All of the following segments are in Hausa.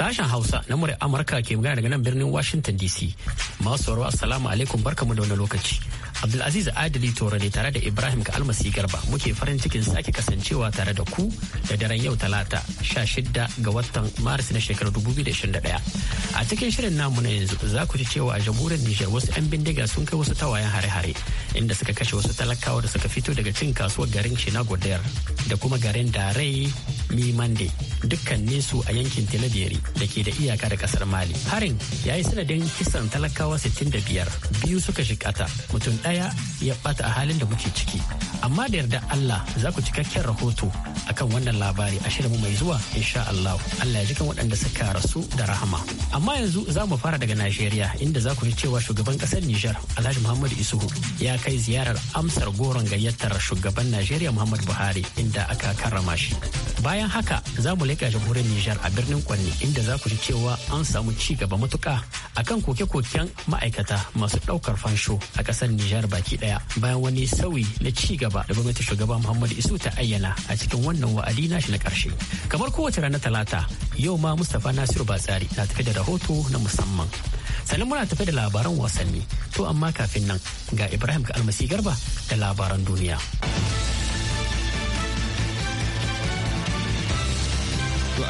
Sashen Hausa na murya Amurka ke magana daga nan birnin Washington DC. Masu sauraro Assalamu alaikum barkamu da wani lokaci. Abdulaziz Adali Toro ne tare da Ibrahim ka almasi garba muke farin cikin sake kasancewa tare da ku da daren yau talata 16 ga watan Maris na shekarar 2021. A cikin shirin namu na yanzu za ku ji cewa a jamhuriyar Nijar wasu 'yan bindiga sun kai wasu tawayen hare-hare inda suka kashe wasu talakawa da suka fito daga cin kasuwar garin Shinagodayar da kuma garin Darai Mimande dukkan nesu a yankin Tilaberi da ke da iyaka da kasar Mali. Harin ya yi sanadin kisan talakawa 65 biyu suka shikata mutum ɗaya ya ɓata a halin da muke ciki amma da yarda Allah za ku cikakken rahoto akan wannan labari a shirinmu mai zuwa insha Allah Allah ya jikan waɗanda suka rasu da rahama amma yanzu za mu fara daga Najeriya inda za ku ji cewa shugaban ƙasar Nijar Alhaji Muhammadu Isuhu ya kai ziyarar amsar goron gayyatar shugaban Najeriya Muhammadu Buhari inda aka karrama shi bayan haka za mu leƙa jamhuriyar nijar a birnin kwanni inda za ku ji cewa an samu ci gaba matuka akan koke-koken ma'aikata masu ɗaukar fansho a ƙasar nijar baki ɗaya bayan wani sauyi na ci gaba da gwamnatin shugaba muhammadu isu ta ayyana a cikin wannan wa'adi na shi na ƙarshe kamar kowace ranar talata yau ma mustapha nasiru batsari na tafi da rahoto na musamman sannan muna tafi da labaran wasanni to amma kafin nan ga ibrahim ka almasi garba da labaran duniya.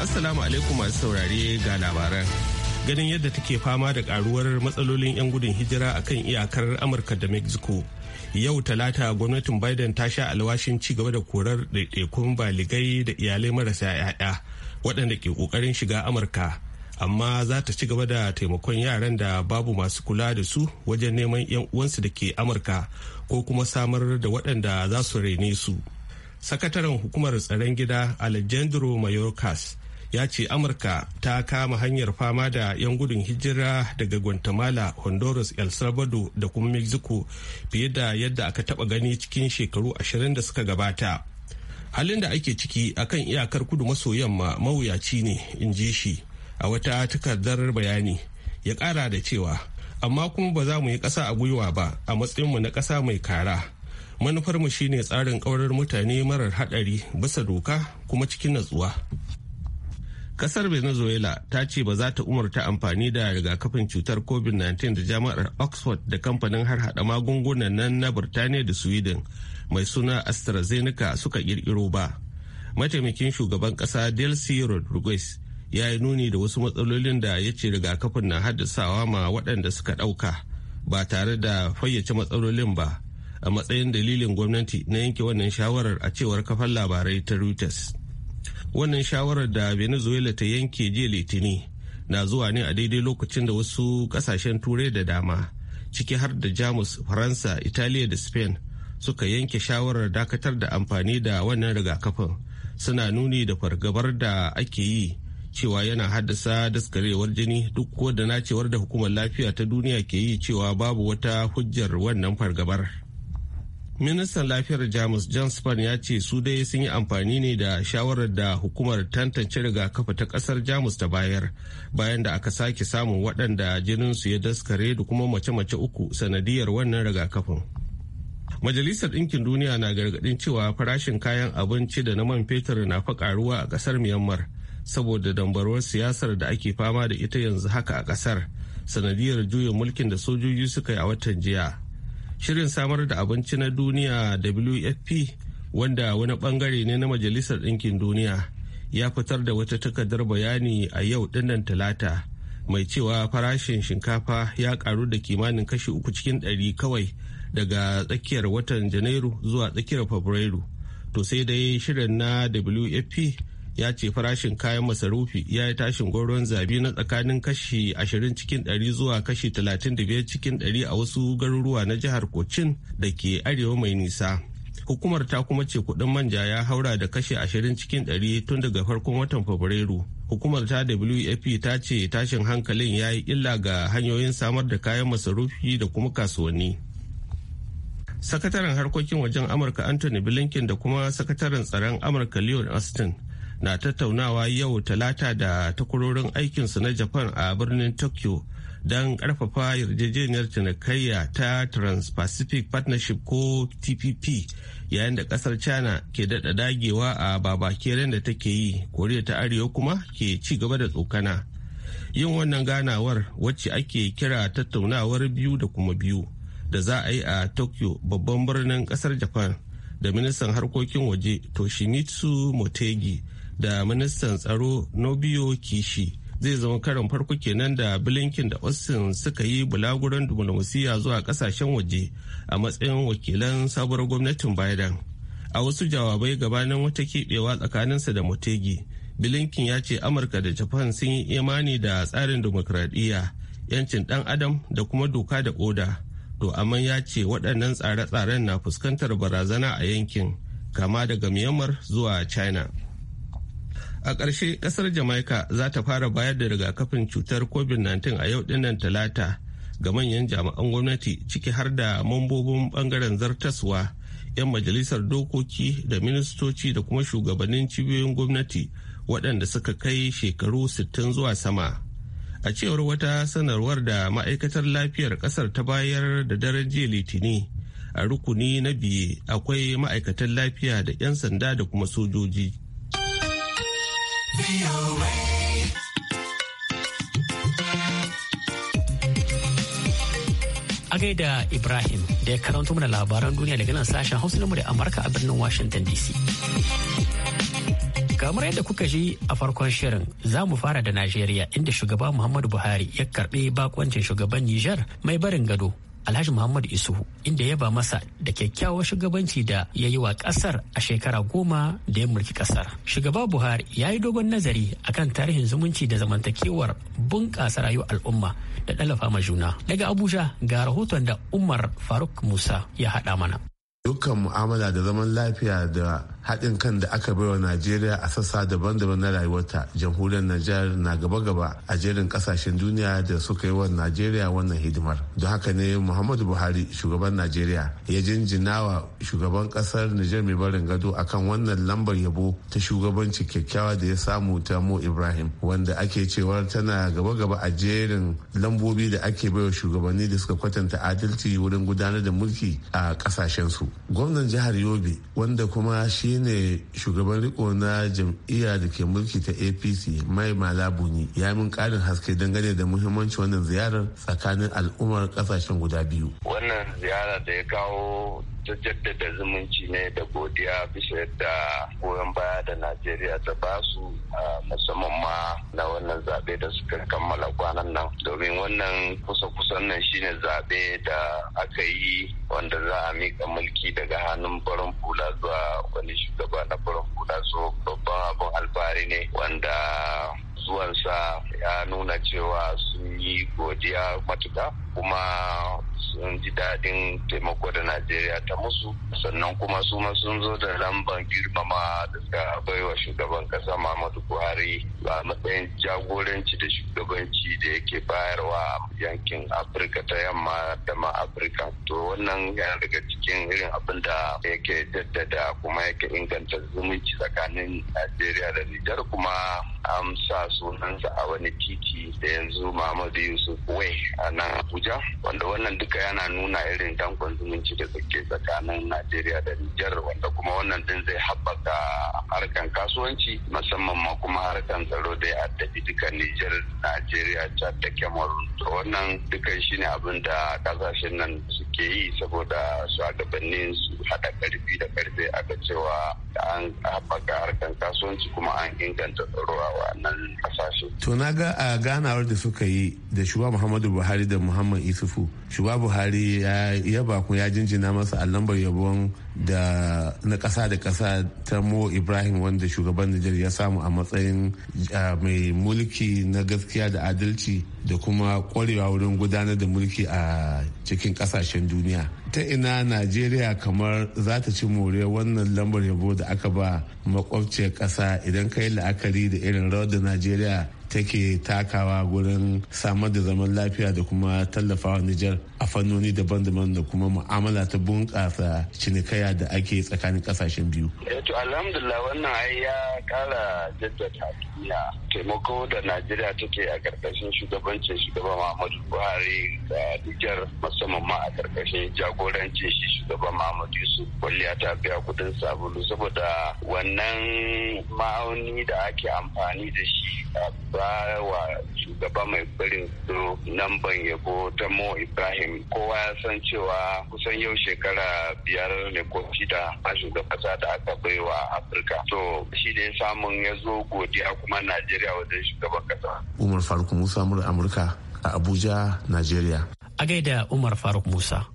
assalamu alaikum masu saurare ga labaran. Ganin yadda take fama da karuwar matsalolin 'yan gudun hijira a kan iyakar Amurka da Mexico. Yau talata gwamnatin Biden ta sha alwashin ci gaba da korar ɗaiɗaikun baligai da iyalai marasa 'ya'ya waɗanda ke ƙoƙarin shiga Amurka. Amma za ta ci gaba da taimakon yaran da babu masu kula da su wajen neman 'yan uwansu da ke Amurka ko kuma samar da waɗanda za su rene su. sakataren hukumar tsaron gida alejandro mayorkas ya ce amurka ta kama hanyar fama da 'yan gudun hijira daga guatemala honduras el salvador da kuma mexico fiye da yadda aka taba gani cikin shekaru ashirin da suka gabata halin da ake ciki akan iyakar kudu maso yamma mawuyaci ne in ji shi a wata takardar bayani ya kara da cewa amma kuma ba za mu yi ƙasa a gwiwa ba a matsayinmu na ƙasa mai kara manufarmu shine tsarin ƙaurar mutane marar haɗari bisa doka kuma cikin natsuwa kasar venezuela ta ce ba za ta umarta amfani da rigakafin cutar covid-19 da jami'ar oxford da kamfanin har hada magungunan nan na birtaniya da sweden mai suna astrazeneca suka kirkiro ba mataimakin shugaban kasa delcy rodriguez ya yi nuni da wasu matsalolin da ya ce rigakafin na haddasawa ma waɗanda suka ɗauka ba tare da fayyace matsalolin ba a matsayin dalilin gwamnati na yanke wannan shawarar a cewar kafan labarai ta reuters wannan shawarar da venezuela ta yanke jiya litini na zuwa ne a daidai lokacin da wasu kasashen turai da dama ciki har da jamus faransa italiya da spain suka yanke shawarar dakatar da amfani da wannan rigakafin suna nuni da fargabar da ake yi cewa yana haddasa daskarewar jini duk da nacewar da hukumar lafiya ta duniya ke yi cewa babu wata hujjar wannan fargabar. ministan lafiyar jamus john span ya ce su dai sun yi amfani ne da shawarar da hukumar tantance rigakafi ta kasar jamus ta bayar bayan da aka sake samun waɗanda jininsu ya daskare da kuma mace-mace uku sanadiyar wannan rigakafin majalisar ɗinkin duniya na gargaɗin cewa farashin kayan abinci da na man fetur na faƙaruwa a ƙasar myanmar saboda dambarwar siyasar da ake fama da ita yanzu haka a ƙasar sanadiyar juyin mulkin da sojoji suka yi a watan jiya shirin samar da abinci na duniya wfp wanda wani bangare ne na majalisar ɗinkin duniya ya fitar da wata takardar bayani a yau dinnan talata mai cewa farashin shinkafa ya karu da kimanin kashi uku cikin ɗari kawai daga tsakiyar watan janairu zuwa tsakiyar fabrairu to sai dai shirin na wfp ya ce farashin kayan masarufi ya yi tashin gwaron zabi na tsakanin kashi 20 cikin 100 zuwa kashi 35 cikin 100 a wasu garuruwa na jihar Kocin da ke arewa mai nisa. Hukumar ta kuma ce kudin manja ya haura da kashi 20 cikin 100 tun daga farkon watan Fabrairu. Hukumar ta WFP ta ce tashin hankalin ya yi illa ga hanyoyin samar da kayan masarufi da kuma kasuwanni. sakataren harkokin wajen amurka anthony blinken da kuma sakataren tsaron amurka leon austin na tattaunawa yau talata da takwarorin aikinsu na japan a birnin tokyo don karfafa yarjejeniyar cinikayya ta trans-pacific partnership ko tpp yayin da kasar china ke daɗa dagewa a babakeren da take yi koriya ta arewa kuma ke ci gaba da tsokana yin wannan ganawar wacce ake kira tattaunawar biyu da kuma biyu da za a yi a tokyo babban birnin kasar japan da ministan harkokin waje toshimitsu motegi da ministan tsaro nobio kishi zai zama karin farko kenan da bilinkin da austin suka yi bulaguran diflomasiyya zuwa kasashen waje a matsayin wakilan sabuwar gwamnatin biden a wasu jawabai gabanin wata keɓewa tsakaninsa da motegi bilinkin ya ce amurka da japan sun yi imani da tsarin demokradiyya yancin dan adam da kuma doka da oda to amma ya ce waɗannan tsare-tsaren na fuskantar barazana a yankin kama daga myanmar zuwa china a ƙarshe ƙasar jamaika za ta fara bayar da rigakafin cutar covid-19 a yau dinnan talata ga manyan jami'an gwamnati ciki har da mambobin bangaren zartaswa 'yan majalisar dokoki da ministoci da kuma shugabannin cibiyoyin gwamnati waɗanda suka kai shekaru 60 zuwa sama a cewar wata sanarwar da ma'aikatar lafiyar ƙasar ta bayar da daren jiya litini a rukuni na biye akwai ma'aikatan lafiya da 'yan sanda da kuma sojoji A gaida Ibrahim da ya karanto mana labaran duniya daga nan sashen Hausa na da Amurka a birnin Washington DC. kamar yadda kuka ji a farkon shirin za mu fara da najeriya inda shugaba muhammadu buhari ya karbi bakoncin shugaban nijar mai barin gado Alhaji Muhammad Isuhu inda ya ba masa da kyakkyawar shugabanci da ya yi wa kasar a shekara goma da ya mulki ƙasar. Shugaba Buhari ya yi dogon nazari akan tarihin zumunci da zamantakewar bunƙasa rayuwar al'umma da ɗalafa ma juna. Daga Abuja ga rahoton da Umar Faruk Musa ya haɗa mana. Dukkan mu'amala da zaman lafiya da haɗin kan da aka baiwa najeriya a sassa daban-daban na rayuwarta jamhuriyar najeriya na gaba-gaba a jerin ƙasashen duniya da suka yi wa najeriya wannan hidimar don haka ne muhammadu buhari shugaban najeriya ya jinjinawa shugaban ƙasar nijar mai barin gado akan wannan lambar yabo ta shugabanci kyakkyawa da ya samu ta mo ibrahim wanda ake cewar tana gaba-gaba a jerin lambobi da ake baiwa shugabanni da suka kwatanta adalci wurin gudanar da mulki a ƙasashensu gwamnan jihar yobe wanda kuma shi shine shugaban riko na jam'iyya da ke mulki ta apc mai malabuni ya min karin haske dangane da muhimmanci wannan ziyarar tsakanin al'ummar kasashen guda biyu wannan ziyara da ya kawo ta jaddada zumunci ne da godiya bisa yadda goyon baya da najeriya ta ba basu musamman ma na wannan zaɓe da suka kammala kwanan nan domin wannan kusa-kusan nan shine zaɓe da aka yi wanda za a miƙa mulki daga hannun barin hula zuwa wani shugaba na barin kula so babban abin alfahari ne wanda zuwansa ya nuna cewa sun yi godiya matuka kuma sun ji daɗin taimako da najeriya ta musu sannan kuma su ma sun zo da lamban girmama da suka baiwa shugaban ƙasa muhammadu buhari a matsayin jagoranci da shugabanci da yake bayarwa yankin afirka ta yamma da ma afirka to wannan yana daga cikin irin abin da yake jaddada kuma yake inganta zumunci tsakanin najeriya da nijar kuma Amsa sunansa a wani titi da yanzu Muhammadu Yusuf Way a nan Abuja wanda wannan duka yana nuna irin dankon zumunci da suke tsakanin Najeriya da Nijar wanda kuma wannan din zai haɓaka harkan kasuwanci musamman ma kuma harkan tsaro da ya tafi duka Nijar Najeriya ta da Cameroon to wannan dukan shine abin da kasashen nan suke yi saboda shugabannin su haɗa ƙarfi da ƙarfe aka cewa an haɓaka harkan kasuwanci kuma an inganta tsaro a To na ga a ganawar da suka yi da shuwa Muhammadu Buhari da Muhammad Isufu, shuwa Buhari ya ba ku ya jinjina masa a lambar yabon da na ƙasa da ƙasa ta mo ibrahim wanda shugaban nijar ya samu a matsayin mai mulki na gaskiya da adalci da kuma ƙwarewa wurin gudanar da mulki a cikin ƙasashen duniya ta ina najeriya kamar za ta ci more wannan lambar yabo da aka ba makwabciyar ƙasa idan ka yi la'akari da irin rawar da najeriya take takawa gurin samar da zaman lafiya da kuma tallafawa Nijar a fannoni daban-daban da kuma mu'amala ta bunƙasa cinikaya da ake tsakanin ƙasashen biyu. Eto eh, alhamdulillah wannan ai ya ƙara jaddata duniya taimako da Najeriya take a ƙarƙashin shugabancin shugaban Muhammadu Buhari da Nijar musamman ma a ƙarƙashin jagorancin shi shugaban Muhammadu Yusuf kwalliya ta biya kuɗin sabulu saboda wannan ma'auni da ake amfani da shi a ya wa shugaba mai barin su nan ban yabo ta mo ibrahim kowa ya san cewa kusan yau shekara biyar ne ko shida a shugaba ta da aka baiwa afirka to shi da ya samun ya zo godiya kuma najeriya wajen shugaban kasa umar faruk musa mura amurka a abuja najeriya a gaida umar faruk musa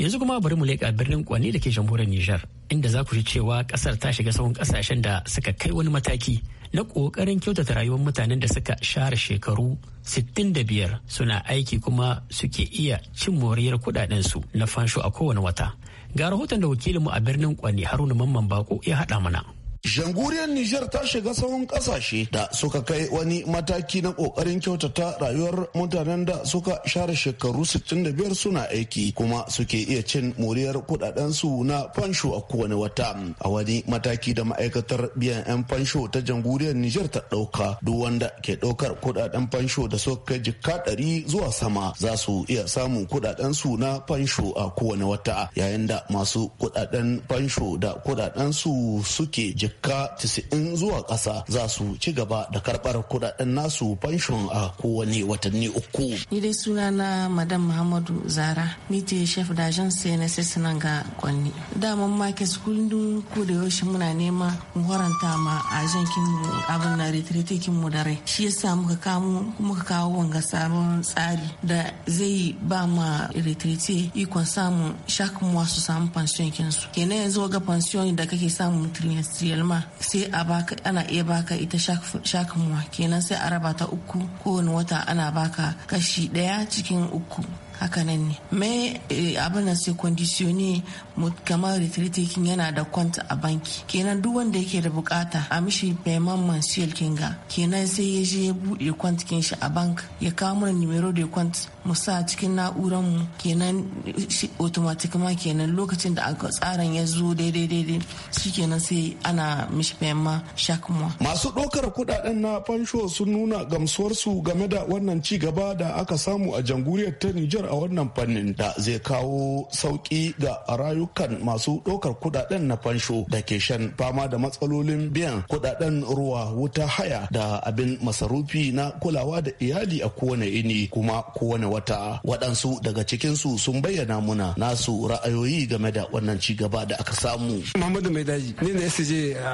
yanzu kuma bari mu leƙa birnin kwani da ke jamhuriyar nijar inda za ku ji cewa kasar ta shiga tsawon kasashen da suka kai wani mataki na ƙoƙarin kyautata rayuwar mutanen da suka share shekaru 65 suna aiki kuma suke iya cin moriyar kuɗaɗensu na fansho a kowane wata. Ga rahoton da wakilinmu a birnin Kwani Haruna Mamman Bako ya haɗa mana. Janguriyar Nijar ta shiga tsawon kasashe da suka kai wani mataki na kokarin kyautata rayuwar mutanen da suka share shekaru 65 suna aiki kuma suke iya cin moriyar kudaden na fansho a kowane wata. A wani mataki da ma'aikatar biyan 'yan fansho ta janguriyar Nijar ta dauka duk wanda ke daukar kudaden fansho da suka kai jikka 100 zuwa sama za su iya samun kudaden na fansho a kowane wata yayin da masu kudaden fansho da kudaden su suke jikka shekka 90 zuwa ƙasa za su ci gaba da karɓar kuɗaɗen nasu fanshon a kowane watanni uku. Ni dai suna na Madam Muhammadu Zara, ni ce chef agence CNSS nan ga Kwanni. Daman market kullum ku da yaushe muna nema mu haranta ma kin mu abin na retrete kin da rai. Shi yasa muka kamo ka kawo wanga sabon tsari da zai ba ma retreat ikon samun shakamuwa su samu fansiyon kinsu. Kenan yanzu ga fansiyon da kake samun trimestrial kalma sai a baka ana iya baka ita shakamuwa kenan sai a raba ta uku kowane wata ana baka kashi daya cikin uku haka nan ne me eh, abin nan sai kwandisiyoni kamar retirite yana da kwanta a banki kenan duk wanda yake da bukata a mishi payment mensuel kinga kenan sai ya je ya bude kwanta kin shi a bank ya kawo mana numero da kwanta mu sa cikin na'uran mu kenan eh, automatic ma kenan lokacin da aka tsarin ya zo daidai daidai kenan sai ana mishi payment shak masu dokar kudaden na fansho sun nuna gamsuwarsu game da wannan ci gaba da aka samu a jamhuriyar ta Nijar a wannan fannin da zai kawo sauƙi ga rayukan masu ɗaukar kudaden na fansho da ke shan fama da matsalolin biyan kudaden ruwa wuta haya da abin masarufi na kulawa da iyali a kowane ini kuma kowane wata waɗansu daga cikinsu sun bayyana muna nasu ra'ayoyi game da wannan ci gaba da aka samu. Muhammadu Mai Daji ne na SJ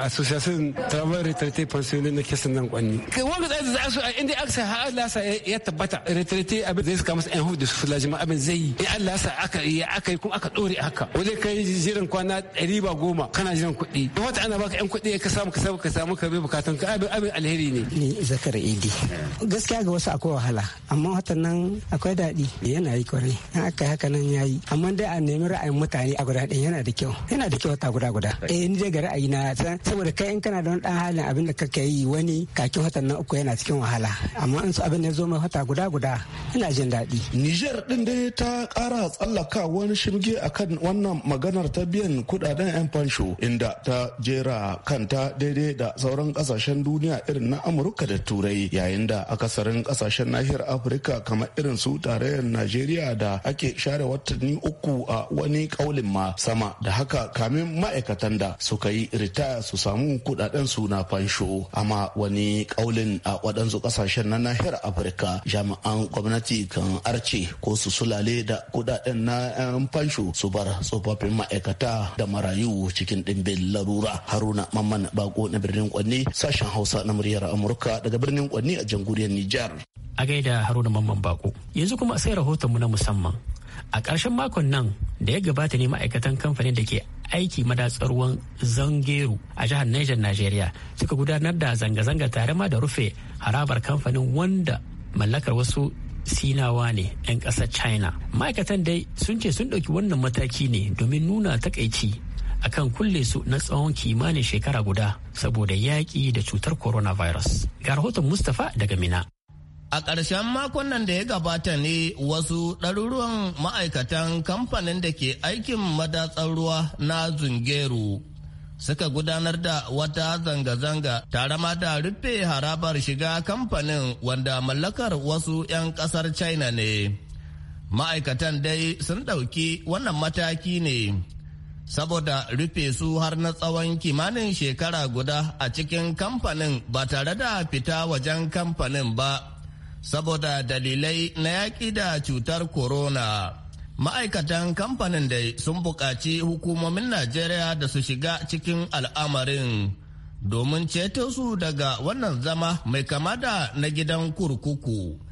Association Travel Retraite Pensionnaire na kesan nan kwanni. Wanda za su inda aka sa har lasa ya tabbata retraite abin da zai suka masa 'yan hudu su fulaji jima abin zai yi in eh, Allah sa aka yi aka yi kuma aka dore haka ko zai kai jiran kwana ɗari ba goma kana jiran kuɗi in wata ana baka yan kuɗi ka samu ka samu ka samu ka bi bukatun ka abin abin alheri ne ni zakar idi gaskiya ga wasu akwai wahala amma watan nan akwai daɗi yana yi kwarai in aka yi haka nan ya yi amma dai a nemi ra'ayin mutane a guda ɗin yana da kyau yana da kyau ta guda guda eh ni dai ga ra'ayi na saboda kai in kana da wani ɗan halin abin da kake yi wani kakin watan nan uku yana cikin wahala amma in su abin ya zo mai wata guda guda ina jin daɗi Niger kotun dai ta kara tsallaka wani shirge akan wannan maganar ta biyan kudaden 'yan fansho inda ta jera kanta daidai da sauran kasashen duniya irin na amurka da turai yayin da akasarin kasashen nahiyar afirka kamar irin su tarayyar najeriya da ake share watanni uku a wani kaulin ma sama da haka kamin ma'aikatan da suka yi ritaya su samu kudaden su na fansho amma wani kaulin a waɗansu kasashen na nahiyar afirka jami'an gwamnati kan arce ko su sulale da kudaden na yan fansho su bar tsofaffin ma'aikata da marayu cikin dimbin larura haruna mamman bako na birnin kwanni sashen hausa na muryar amurka daga birnin kwanni a jamhuriyar nijar a gaida haruna mamman bako yanzu kuma sai rahotonmu na musamman a ƙarshen makon nan da ya gabata ne ma'aikatan kamfanin da ke aiki madatsar ruwan zangeru a jihar Niger Najeriya suka gudanar da zanga-zanga tare ma da rufe harabar kamfanin wanda mallakar wasu sinawa ne 'yan ƙasar china ma'aikatan dai sun ce sun ɗauki wannan mataki ne domin nuna takaici akan kulle su na tsawon kimanin shekara guda saboda yaƙi da cutar coronavirus ga rahoton mustapha daga mina A ƙarshen makon nan da ya gabata ne wasu ɗaruruwan ma'aikatan kamfanin da ke aikin madatsar ruwa na Zungeru suka gudanar da wata zanga-zanga tare ma da rufe harabar shiga kamfanin wanda mallakar wasu 'yan kasar china ne ma'aikatan dai sun ɗauki wannan mataki ne saboda rufe su har na tsawon kimanin shekara guda a cikin kamfanin ba tare da fita wajen kamfanin ba saboda dalilai na yaƙi da cutar corona. ma'aikatan kamfanin da sun buƙaci hukumomin najeriya da su shiga cikin al'amarin domin ceto su daga wannan zama mai kama da na gidan kurkuku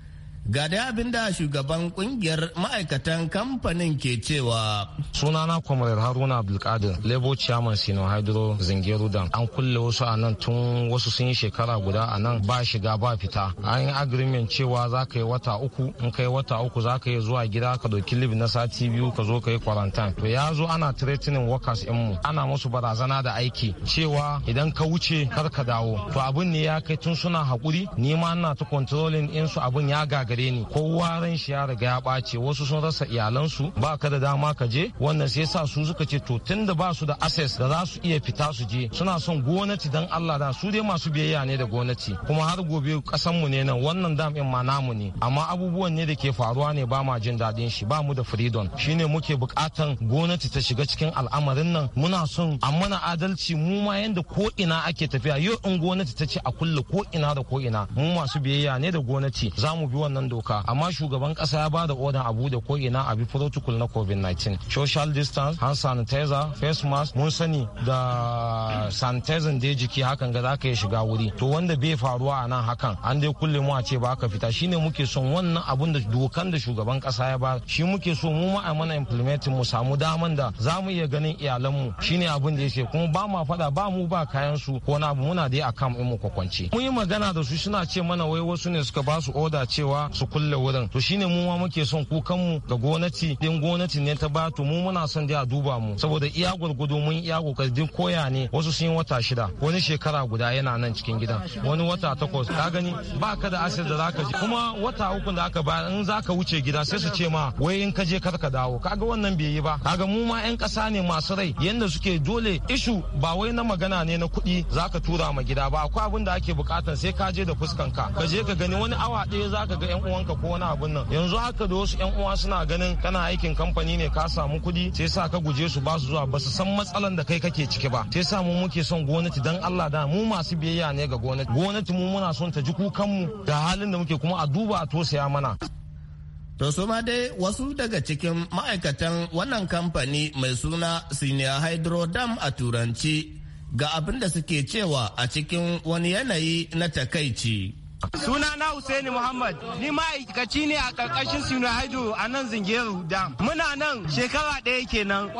Ga dai abin da shugaban kungiyar ma'aikatan kamfanin ke cewa. Sunana Kwamarar Haruna Abdulkadir, Lebo Chairman Sino Hydro Zingeru Dam. An kulle wasu a nan tun wasu sun yi shekara guda a nan ba shiga ba fita. An yi agreement cewa za ka yi wata uku, in ka yi wata uku za ka yi zuwa gida ka ɗauki na sati biyu ka zo ka yi kwarantan. To ya zo ana threatening workers in mu, ana musu barazana da aiki cewa idan ka wuce kar ka dawo. To abin ne ya kai tun suna haƙuri, ni ma ina ta controlling in abin ya gaga gare ni kowa ran shi ya riga ya bace wasu sun rasa iyalansu ba ka da dama ka je wannan sai sa su suka ce to tunda da ba su da access da za su iya fita su je suna son gwamnati dan Allah da su dai masu biyayya ne da gwamnati kuma har gobe kasan mu ne nan wannan dam in ma namu ne amma abubuwan ne da ke faruwa ne ba ma jin daɗin shi ba mu da freedom shine muke bukatan gwamnati ta shiga cikin al'amarin nan muna son a mana adalci mu ma yanda ko ina ake tafiya yau in gwamnati ta ce a kulle ko ina da ko ina mu masu biyayya ne da gwamnati za mu bi wannan kan doka amma shugaban kasa ya bada odan a bude ko ina a bi protocol na covid-19 social distance hand sanitizer face mask mun sani da sanitizer da jiki hakan ga zaka ya shiga wuri to wanda bai faruwa a nan hakan an dai kulle mu a ce ba ka fita shine muke son wannan abun da dokan da shugaban kasa ya ba shi muke so mu ma a mana implementing mu samu daman da za mu iya ganin iyalanmu shine abun da yake kuma ba ma fada ba mu ba kayan su ko na abu muna dai akan mu kwakwance mun yi magana da su suna ce mana wai wasu ne suka ba su oda cewa su kulle wurin to shine mu ma muke son kukan mu ga gwamnati din gwamnati ne ta bato mu muna son dai duba mu saboda iya gurgudu mun iya din koya ne wasu sun yi wata shida wani shekara guda yana nan cikin gidan wani wata takwas ka gani ba ka da asir da zaka ji kuma wata uku da aka bayar in zaka wuce gida sai su ce ma wai in ka je kar ka dawo kaga wannan bai yi ba kaga mu ma yan kasa ne masu rai yanda suke dole ishu ba wai na magana ne na kuɗi zaka tura ma gida ba akwai abin da ake bukatan sai ka je da fuskan ka ka je ka gani wani awa ɗaya zaka ga yan uwanka ko wani abun nan yanzu haka da wasu yan uwa suna ganin kana aikin kamfani ne ka samu kuɗi sai sa ka guje su ba su zuwa ba su san matsalan da kai kake ciki ba sai sa mu muke son gwamnati dan Allah da mu masu biyayya ne ga gwamnati gwamnati mu muna son ta ji kukan mu da halin da muke kuma a duba a tosaya mana To su ma dai wasu daga cikin ma'aikatan wannan kamfani mai suna Senior Hydro Dam a Turanci ga abin da suke cewa a cikin wani yanayi na takaici. Suna na Usaini Muhammad, ni ma'aikaci ne a ƙarƙashin Sinu Haidu a nan Zingeru Dam. Muna nan shekara ɗaya kenan.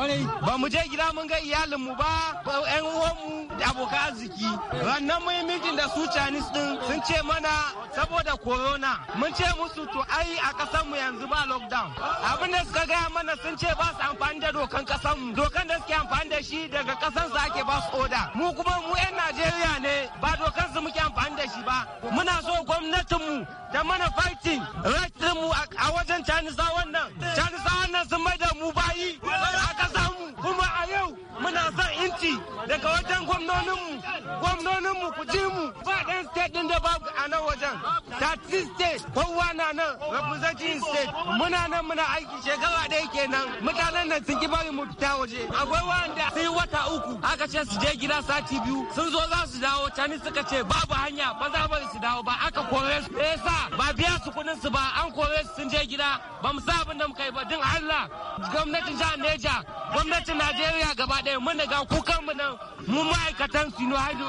Ba mu je gida mun ga iyalinmu ba, ƴan uwanmu da abokan arziki. Rannan mun yi da su Chinese ɗin sun ce mana saboda corona. Mun ce musu to ai a ƙasarmu yanzu ba lockdown. Abin da suka gaya mana sun ce ba su amfani da dokan ƙasarmu. Dokan da suke amfani da shi daga ƙasarsu ake ba su oda. Mu kuma mu 'yan Najeriya ne ba dokansu muke amfani da shi ba. Muna so wa gwamnatinmu da mana fighting right mu a wajen canisa wannan canisa wannan sun mai da mu bayi a kasa mu kuma a yau muna son inci daga wajen gwamnoninmu gwamnoninmu ku ji mu ba ɗan state ɗin da babu a nan wajen tati state kowa na nan representing state muna nan muna aiki shekara ɗaya kenan mutanen nan sun ki bari mu fita waje akwai wanda sun yi wata uku aka ce su je gida sati biyu sun zo za su dawo cani suka ce babu hanya ba za bari su dawo ba aka kore su yasa ba biya su kuɗin su ba an kore su sun je gida ba mu sa abin da muka yi ba din Allah gwamnatin jihar Neja gwamnatin Najeriya gaba ɗaya mana mun daga kukan mu nan mu ma'aikatan Sino Haido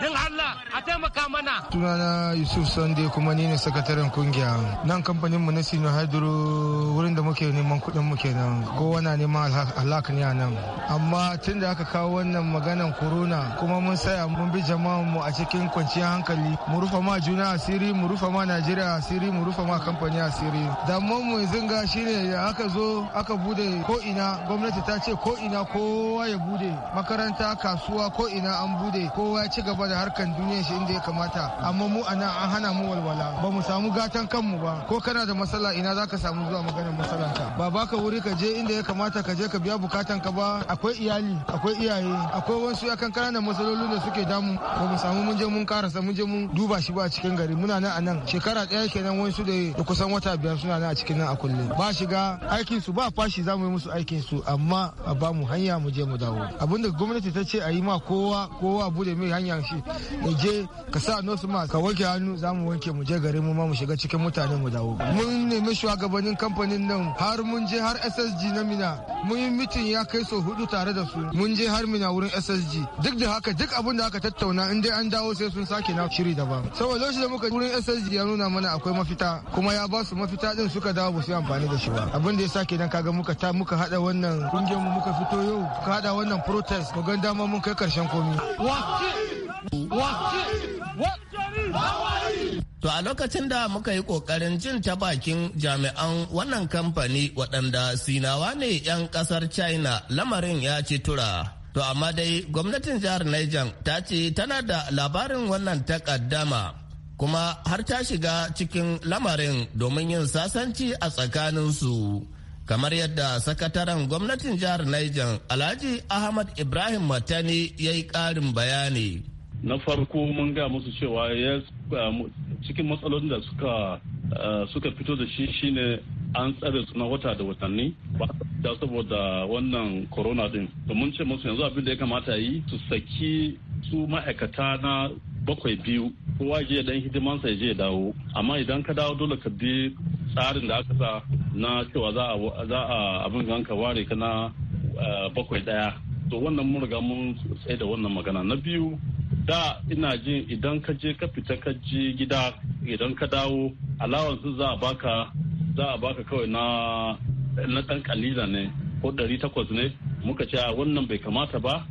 don Allah a taimaka mana. Tunana Yusuf Sande kuma ni ne sakataren kungiya. Nan kamfanin mu na Sino haido wurin da muke neman kuɗin mu kenan. ko na neman alhaka ne a nan. Amma tun da aka kawo wannan maganan corona kuma mun saya mun bi jama'an mu a cikin kwanciyar hankali. Mu rufa ma juna asiri, mu rufa ma Najeriya asiri, mu rufa ma kamfani asiri. Damuwan mu ga shine da aka zo aka bude ko ina gwamnati ta ce ko ina ko kowa ya bude makaranta kasuwa ko ina an bude kowa ya ci gaba da harkan duniya shi inda ya kamata amma mu a nan an hana mu walwala ba mu samu gatan kanmu ba ko kana da matsala ina za ka samu zuwa maganar matsalanka ba baka wuri ka je inda ya kamata ka je ka biya bukatan ka ba akwai iyali akwai iyaye akwai wasu yakan kananan matsalolin da suke damu ba mu samu mun je mun karasa mun je mun duba shi ba a cikin gari muna nan a nan shekara ɗaya kenan wasu da kusan wata biyar suna nan a cikin nan a kullum ba shiga aikin su ba fashi za mu yi musu aikin su amma a ba mu hanya mu je je mu dawo abinda gwamnati ta ce a yi ma kowa kowa bude mai hanyar shi mu je ka sa nosu ma ka wanke hannu za mu wanke mu je gare mu ma mu shiga cikin mutane mu dawo mun nemi shugabannin kamfanin nan har mun je har ssg na mina mun yi mitin ya kai so hudu tare da su mun je har mina wurin ssg duk da haka duk abin da aka tattauna in dai an dawo sai sun sake na shiri daban saboda lokacin da muka wurin ssg ya nuna mana akwai mafita kuma ya ba su mafita din suka dawo ba su yi amfani da shi ba abin da ya sake dan kaga muka ta muka hada wannan kungiyar mu muka fito yau fada wannan protest mu gan dama mun kai karshen komi. To a lokacin da muka yi kokarin jin ta bakin jami'an wannan kamfani waɗanda sinawa ne 'yan ƙasar China lamarin ya ci tura. To amma dai gwamnatin jihar Niger ta ce tana da labarin wannan takaddama kuma har ta shiga cikin lamarin domin yin sasanci a tsakaninsu. kamar yadda sakataren gwamnatin jihar Niger Alhaji Ahmad Ibrahim Matani ya yi ƙarin bayani. Na farko mun ga musu cewa uh, cikin matsalolin da uh, suka fito da shi shine an tsare su na wata da watanni ba da saboda wannan corona din mun ce musu yanzu abin da ya kamata yi su saki su ma'aikata na bakwai biyu kowa je dan hidimansa ya je dawo amma idan ka dawo dole ka bi tsarin da aka sa na cewa za a abin ganka ware ka na eh, bakwai daya to wannan mun riga mun tsaye da wannan magana na biyu da ina jin idan ka je ka fita ka je gida idan ka dawo alawansu za a baka za a baka kawai na na dan kalila ne ko ɗari takwas ne muka ce wannan bai kamata ba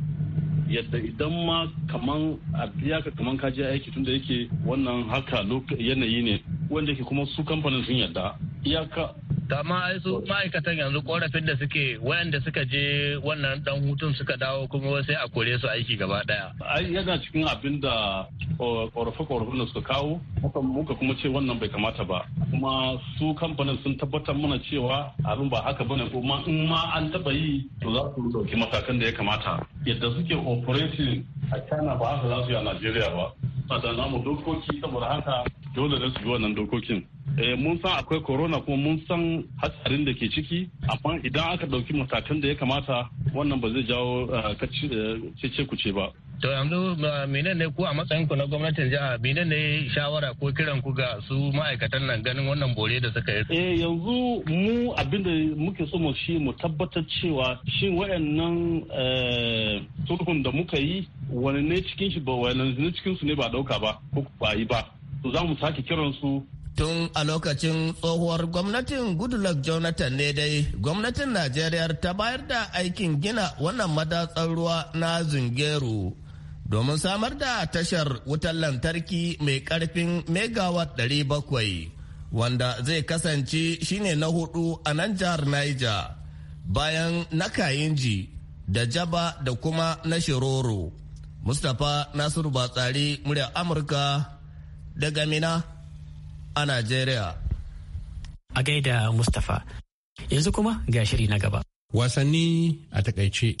yadda idan ma kaman a biya ka kaman ka je aiki tunda yake wannan haka yanayi ne wanda ke kuma su kamfanin sun yadda iyaka kama ai su ma'aikatan yanzu korafin da suke wayanda suka je wannan dan hutun suka dawo kuma sai a kore su aiki gaba daya ai yana cikin abin da korafe korafin da suka kawo muka kuma ce wannan bai kamata ba kuma su kamfanin sun tabbatar mana cewa abin ba haka bane kuma in ma an taba yi to za su dauki matakan da ya kamata yadda suke operating a China ba haka za su yi a Najeriya ba waɗannan mu dokoki saboda haka dole da su bi wannan dokokin eh, mun san akwai corona kuma mun san hatsarin da ke ciki amma idan aka ɗauki matakan da ya kamata wannan ba zai jawo eh, kace eh, kuce ba to yanzu mene ne ku a matsayin ku na gwamnatin jiha mene ne shawara ko kiran ku ga su ma'aikatan nan ganin wannan bore da suka yi eh yanzu mu abinda muke so mu shi mu tabbatar cewa shin wayannan eh, sulhun da muka yi wani ne cikin shi ba wani ne cikin su ne ba dauka ba ko ba yi ba to za mu sake kiran su tun a lokacin tsohuwar gwamnatin goodluck jonathan ne dai gwamnatin najeriya ta bayar da aikin gina wannan madatsar ruwa na zungeru domin samar da tashar wutar lantarki mai karfin megawatt 700 wanda zai kasance shine na hudu a nan jihar Niger bayan na Kayinji da Jaba da kuma na Shiroro. Mustapha Nasiru Batsari muryar Amurka daga Mina a Najeriya. A gaida Mustapha, yanzu kuma ga shiri na gaba. Wasanni a takaice.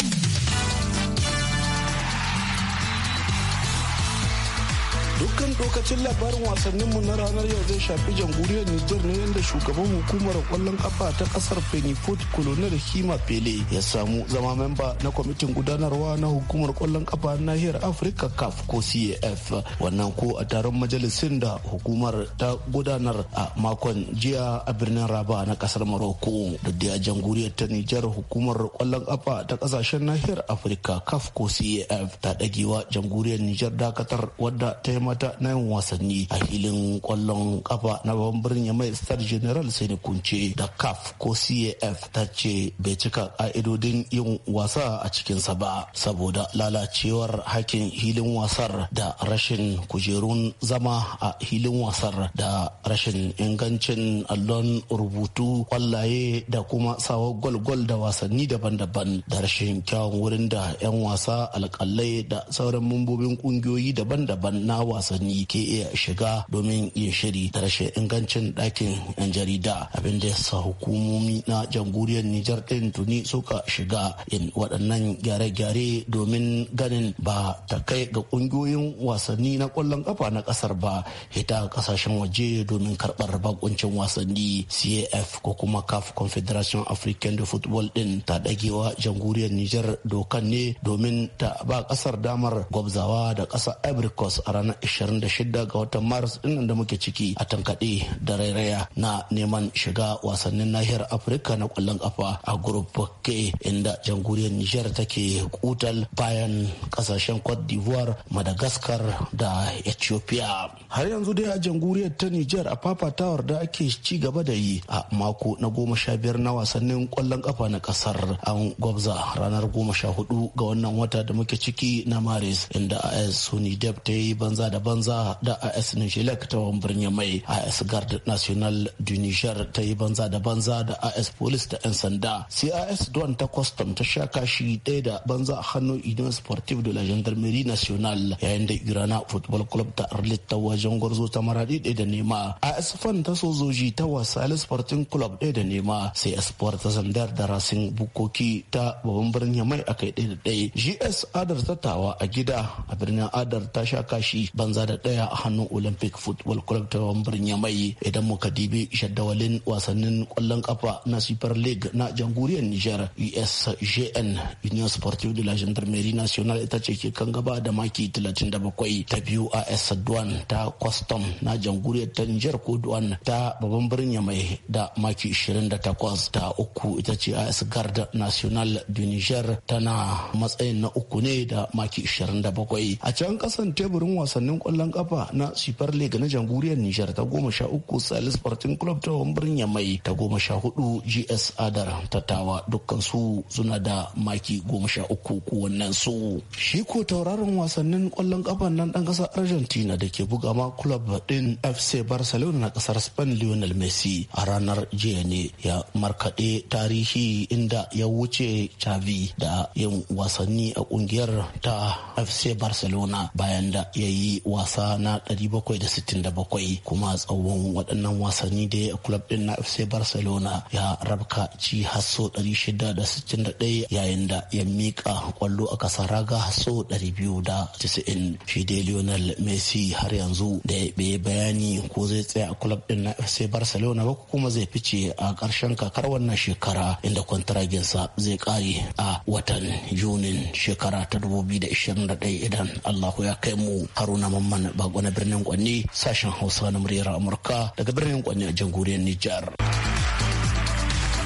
dukkan lokacin labarin wasannin mu na ranar yau zai shafi jamhuriyar nijar ne yadda shugaban hukumar kwallon kafa ta kasar fenifort colonel hima pele ya samu zama memba na kwamitin gudanarwa na hukumar kwallon kafa nahiyar afirka caf ko caf wannan ko a taron majalisin da hukumar ta gudanar a makon jiya a birnin raba na kasar morocco duk da jamhuriyar ta nijar hukumar kwallon kafa ta kasashen nahiyar afirka caf ko caf ta dagewa jamhuriyar nijar dakatar wadda ta yi mata na yin wasanni a filin kwallon kafa na babban birnin ya mai star general sani kunce da caf ko caf ta ce bai cika ka'idodin yin wasa a cikinsa ba saboda lalacewar hakin hilin wasar da rashin kujerun zama a hilin wasar da rashin ingancin allon rubutu kwallaye da kuma sawa gwal-gwal da wasanni daban-daban da rashin kyawun wurin da 'yan wasa alkalai da sauran mambobin kungiyoyi daban-daban na wasa wasanni ke iya shiga domin iya shiri da rashin ingancin dakin 'yan jarida abin da sa hukumomi na jamhuriyar Nijar ɗin tuni suka shiga in waɗannan gyare-gyare domin ganin ba ta kai ga ƙungiyoyin wasanni na ƙwallon ƙafa na ƙasar ba hita ƙasashen waje domin karɓar bakuncin wasanni CAF ko kuma CAF Confederation African de Football ɗin ta ɗagewa jamhuriyar Nijar dokan ne domin ta ba ƙasar damar gwabzawa da ƙasar Ivory Coast a ranar 26 ga watan maris ɗin da muke ciki a tankaɗe da rairaya na neman shiga wasannin nahiyar afirka na kwallon ƙafa a group k inda jamhuriyar niger take kutal bayan ƙasashen cote d'ivoire madagascar da ethiopia har yanzu dai a jamhuriyar ta niger a fafatawar da ake ci gaba da yi a mako na goma sha biyar na wasannin ƙwallon ƙafa na ƙasar an gwabza ranar goma sha hudu ga wannan wata da muke ciki na maris inda as suni ta yi banza da banza da AS Nijilek ta birnin mai AS Guard National du Niger ta yi banza da banza da AS Police ta 'yan sanda. CIS Don ta custom ta sha kashi ɗaya da banza a hannun Union Sportive de la Gendarmerie Nationale yayin da Irana Football Club ta Arlit ta wajen gwarzo ta maradi ɗaya da nema. AS Fan ta sojoji ta wasali Sporting Club ɗaya da nema sai Sport ta Zandar da Racing Bukoki ta babban birnin Yamai a kai ɗaya da ɗaya. GS Adar ta tawa a gida a birnin Adar ta sha kashi banza da ɗaya a hannun olympic football club ta birnin mai idan muka dibi shaddawalin wasannin kwallon kafa na super league na jamhuriyar niger usjn union sportive de la gendarmerie nationale ita ce ke kan gaba da maki 37 ta biyu a duwan ta custom na jamhuriyar ta niger ko ta babban birnin mai da maki 28 ta uku ita ce as guard national de niger tana matsayin na uku ne da maki 27 a can kasan teburin wasannin wasannin kwallon kafa na super league na jamhuriyar nijar ta goma sha uku salis sporting club ta wambarin yamai ta goma sha hudu gs adar tattawa dukkan su suna da maki goma sha uku kowannen su shi ko tauraron wasannin kwallon kafa nan dan kasar argentina da ke buga ma club din fc barcelona na kasar spain lionel messi a ranar jiya ne ya markade tarihi inda ya wuce Xavi da yin wasanni a kungiyar ta FC Barcelona bayan da ya yi wasa na 767 kuma tsawon waɗannan wasanni da club din na FC Barcelona ya rabka ci haso 661 yayin da ya miƙa kwallo a kasar raga haso 290 shi dai Lionel Messi har yanzu da baya bayani ko zai tsaya a club din na FC Barcelona ba kuma zai fice a ƙarshen kakar wannan shekara inda kwantaraginsa zai kare a watan Yunin shekara ta 2021 idan Allahu ya kai mu Haruna mamman bako na birnin kwanni sashen hausa na muryar amurka daga birnin kwanni a jamhuriyar nijar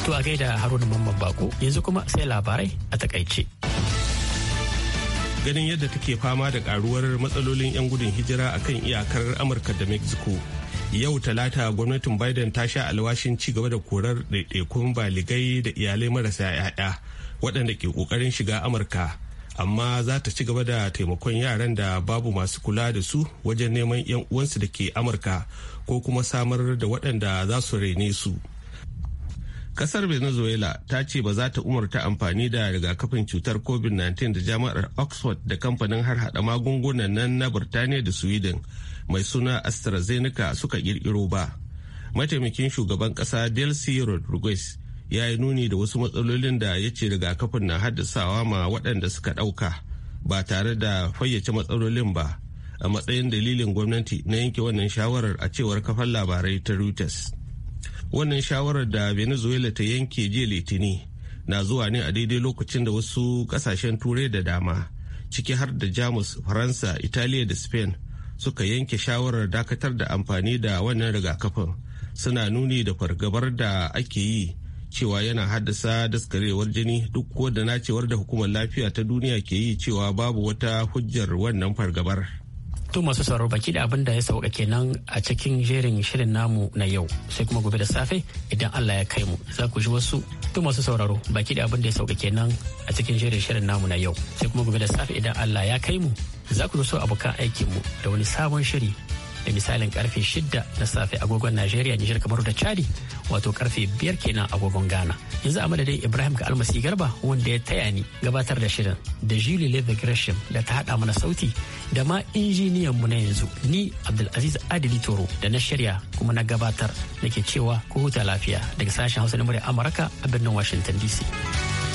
to a gaida haruna mamman bako yanzu kuma sai labarai a takaice ganin yadda take fama da karuwar matsalolin 'yan gudun hijira akan iyakar amurka da mexico yau talata gwamnatin biden ta sha alwashin ci gaba da korar ɗaiɗaikun baligai da iyalai marasa 'ya'ya waɗanda ke ƙoƙarin shiga amurka amma za ta ci gaba da taimakon yaran da babu masu kula da su wajen neman 'yan uwansu da ke amurka ko kuma samar da waɗanda za su rene su kasar venezuela ta ce ba za ta umarta amfani da rigakafin cutar covid-19 da jami'ar oxford da kamfanin har hada magungunan nan na birtaniya da sweden mai suna astrazeneca suka kirkiro ba mataimakin shugaban kasa delcy rodriguez ya yi nuni da wasu matsalolin da ya ce rigakafin na haddasawa ma waɗanda suka ɗauka ba tare da fayyace matsalolin ba a matsayin dalilin gwamnati na yanke wannan shawarar a cewar kafar labarai ta reuters wannan shawarar da venezuela ta yanke jiya litini na zuwa ne a daidai lokacin da wasu kasashen turai da dama ciki har da jamus faransa italiya da spain suka yanke shawarar dakatar da amfani da wannan rigakafin suna nuni da fargabar da ake yi cewa yana haddasa daskarewar jini duk wadda nacewar da hukumar lafiya ta duniya ke yi cewa babu wata hujjar wannan fargabar. To masu sauraro baki da abin da ya sauka kenan a cikin jerin shirin namu na yau sai kuma gobe da safe idan Allah ya kai mu za ku ji wasu to masu sauraro baki da abin da ya sauka kenan a cikin jerin shirin namu na yau sai kuma gobe da safe idan Allah ya kai mu za ku zo so abokan aikin mu da wani sabon shiri da misalin karfe 6 na safe agogon Najeriya ne kamar da Chadi wato karfe 5 kenan agogon Ghana. Yanzu a madadin Ibrahim ga almasi garba wanda ya taya ni gabatar da shirin da Julie Leve Gresham da ta hada mana sauti da ma injiniyan mu na yanzu ni Abdulaziz Adili Toro da na shirya kuma na gabatar nake cewa ku huta lafiya daga sashen Hausa na Amurka a birnin Washington DC.